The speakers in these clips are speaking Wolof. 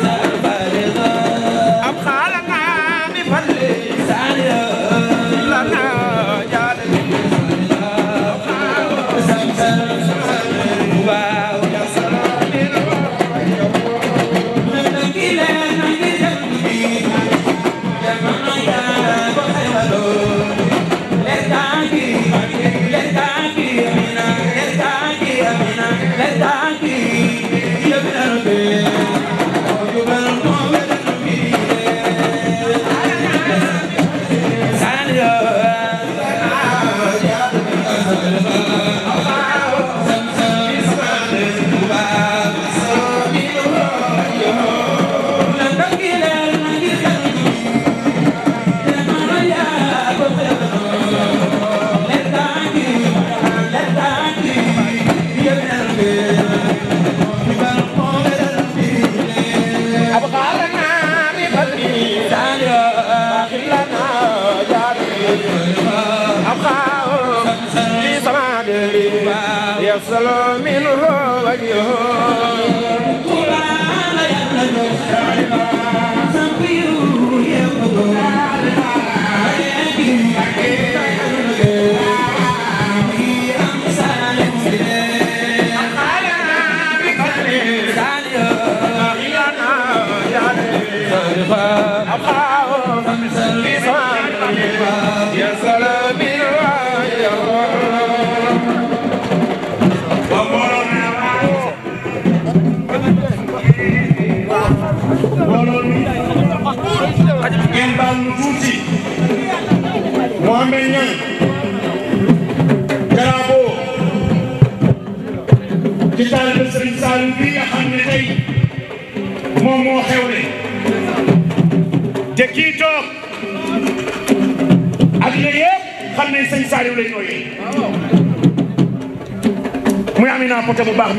Plaza. يصل منه وجهه قرآن يمنه سبيل يقضون يا سلام ci taalibe Serigne Saliou bi nga xam ne tey moom moo xewle te kii ak yéen yëpp xam nañ Serigne Saliou lañ ooyee muy Amina Poté bu baax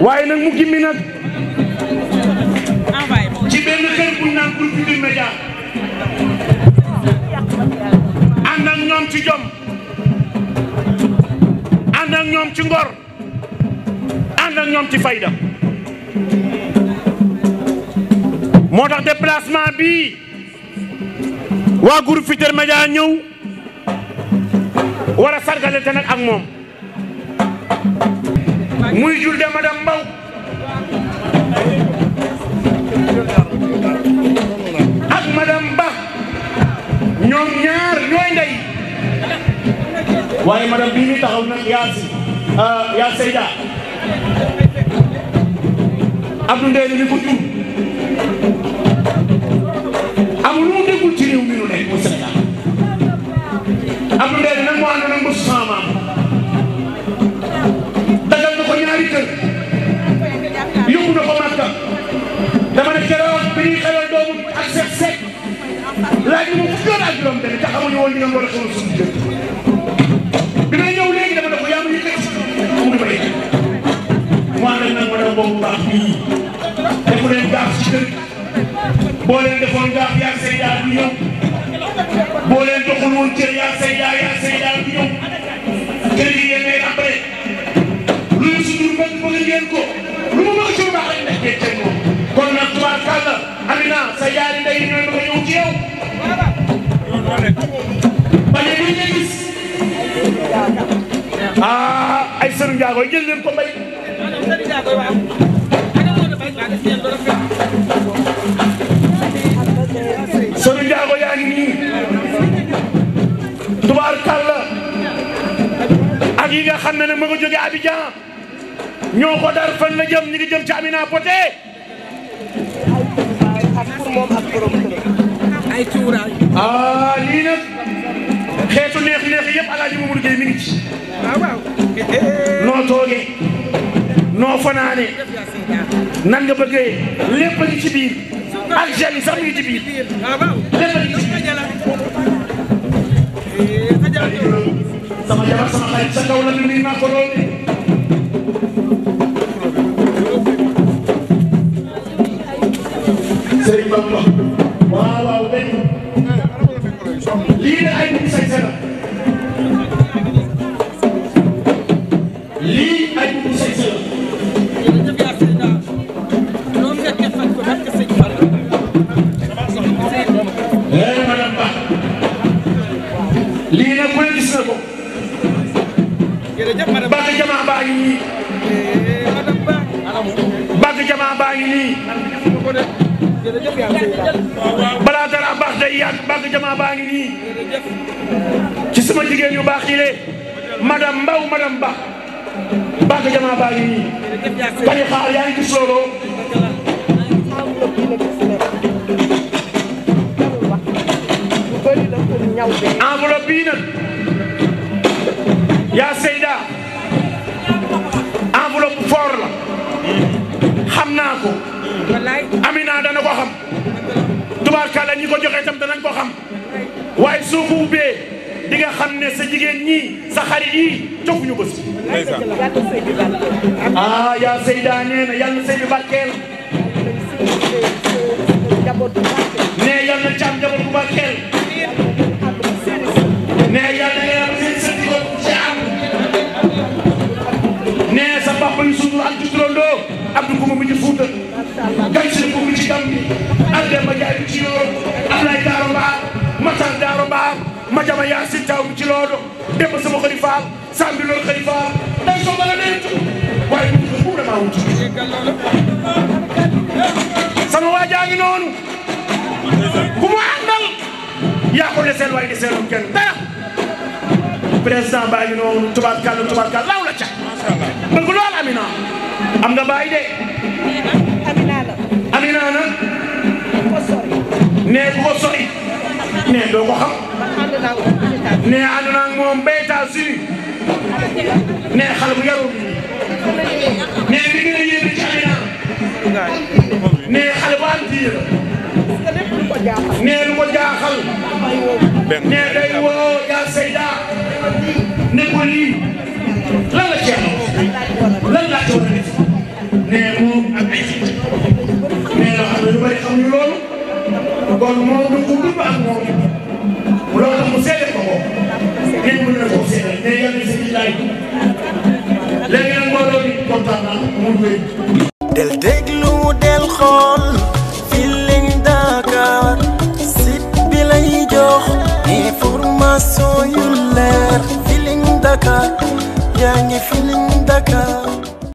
waaye nag mu gimmi ci benn kër bu naan Groupe Futurs Médias ànd ak ñoom ci jom ànd ak ñoom ci ngor ànd ak ñoom ci fayda moo tax déplacement bi waa groupe Futurs Médias ñëw war a sargale te nag ak moom muy jul de madame Mbaw waaye madame bii ñu taxaw nag yaa ah, si yaa Seyda Abdou Ndeye ni ko jur amul lu mu déggul ci réew mi nu nekk mu Sénégal Abdou Ndeye nag moo ànd nag ba sama maam dagal na ko ñaari kër yóbbu na ko Makka dama ne keroog bi ñuy xelal doomu ak seet seet laaj na ma fukki yoon ak juróom benn te xamuñu woon ñu ne loolu xewul suñu jël bopp baax nii defu leen gaaf ci kër boo leen defoon gaaf yaa say daal du ñëw boo leen doxul woon cër yaa say daal yaa say daal du ñëw kër yi yéen ngay après lu ñu sutur bëgg bëgg ngeen ko lu mu bëgg ci lu baax rek ndax ngeen cër moom kon nag tubaab kàlla Amina sa jaari ndey ñooy bëgg a ñëw ci yow bañ a ñu gis ah ay sëriñ Ndiago jël leen ko mbay Sori Ndiago yaa ngi tubaar kàlla ak yi nga xam ne nag ma nga ñoo ko fan la jëm ñu ngi jëm ci Amina Poté. ah lii xeetu neex-neex yëpp El Hadj Mamadou Gueye mi ngi ci. Eh, eh, eh. noo fanaane nan nga bëggee lépp a ngi ci biir ak gel yi sax mi ngi ci biir lépp a ngi ci biir sama jabar sama xarit sa kaw la ñu nii naa ko lool ngi nii balaa dara baax day yàgg bàgg jamaa baa ngi nii ci sama jigéen yu baax yi le madame Mbaw madame Ba bàgg jamaa baa ngi yaa ngi gis loolu nag naa ko. Amina dana ko xam. tubaarkalla ñi ko joxe itam danañ ko xam. waaye soo ko ubbee di nga xam ne sa jigéen ñi sa xarit yi cofuñu bës. ah yaa Seyda nee na yàlla sëy bi barkeel. ne yàlla na càmm njaboot bu barkeel. ne yàlla. Fouta gàncax gi mu ngi ci Gambie ak Demba Ndiaye bi ci loolu Ablaye Daaro Mbaar Matar Daaro Mbaar Madiama Yacine Thiaw bi ci loolu Demba sama xalifaam Sambi loolu xalifaam day soo mën a denc waaye bu ñu ko damaa wut. sama waa jaa ngi noonu ku mu àndal yaa ko deseel waaye deseelul kenn dara président baa ngi noonu tubaab kàlla tubaab kàlla law la ca bëgg lool Amina am nga bàyyi de. Amina na nee ku ko sori nee doo ko xam nee ànd naa ak moom ba États-Unis nee xale bu yaru nee li ngeen di yéene ci Amina nee xale bu am diir nee lu ko jaaxal nee day woo yaa Seyda ne ko lii la kon moom lu mu dund ak moom loolu tax mu seede del déglu del xool Feeling Dakar site bi lay jox information yu leer Feeling Dakar yaa ngi Feeling Dakar.